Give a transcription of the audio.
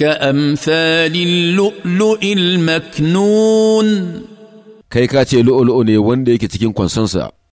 Ka كأمثال اللؤلؤ المكنون kai ka ce lu'ulu'u ne wanda yake cikin kwansansa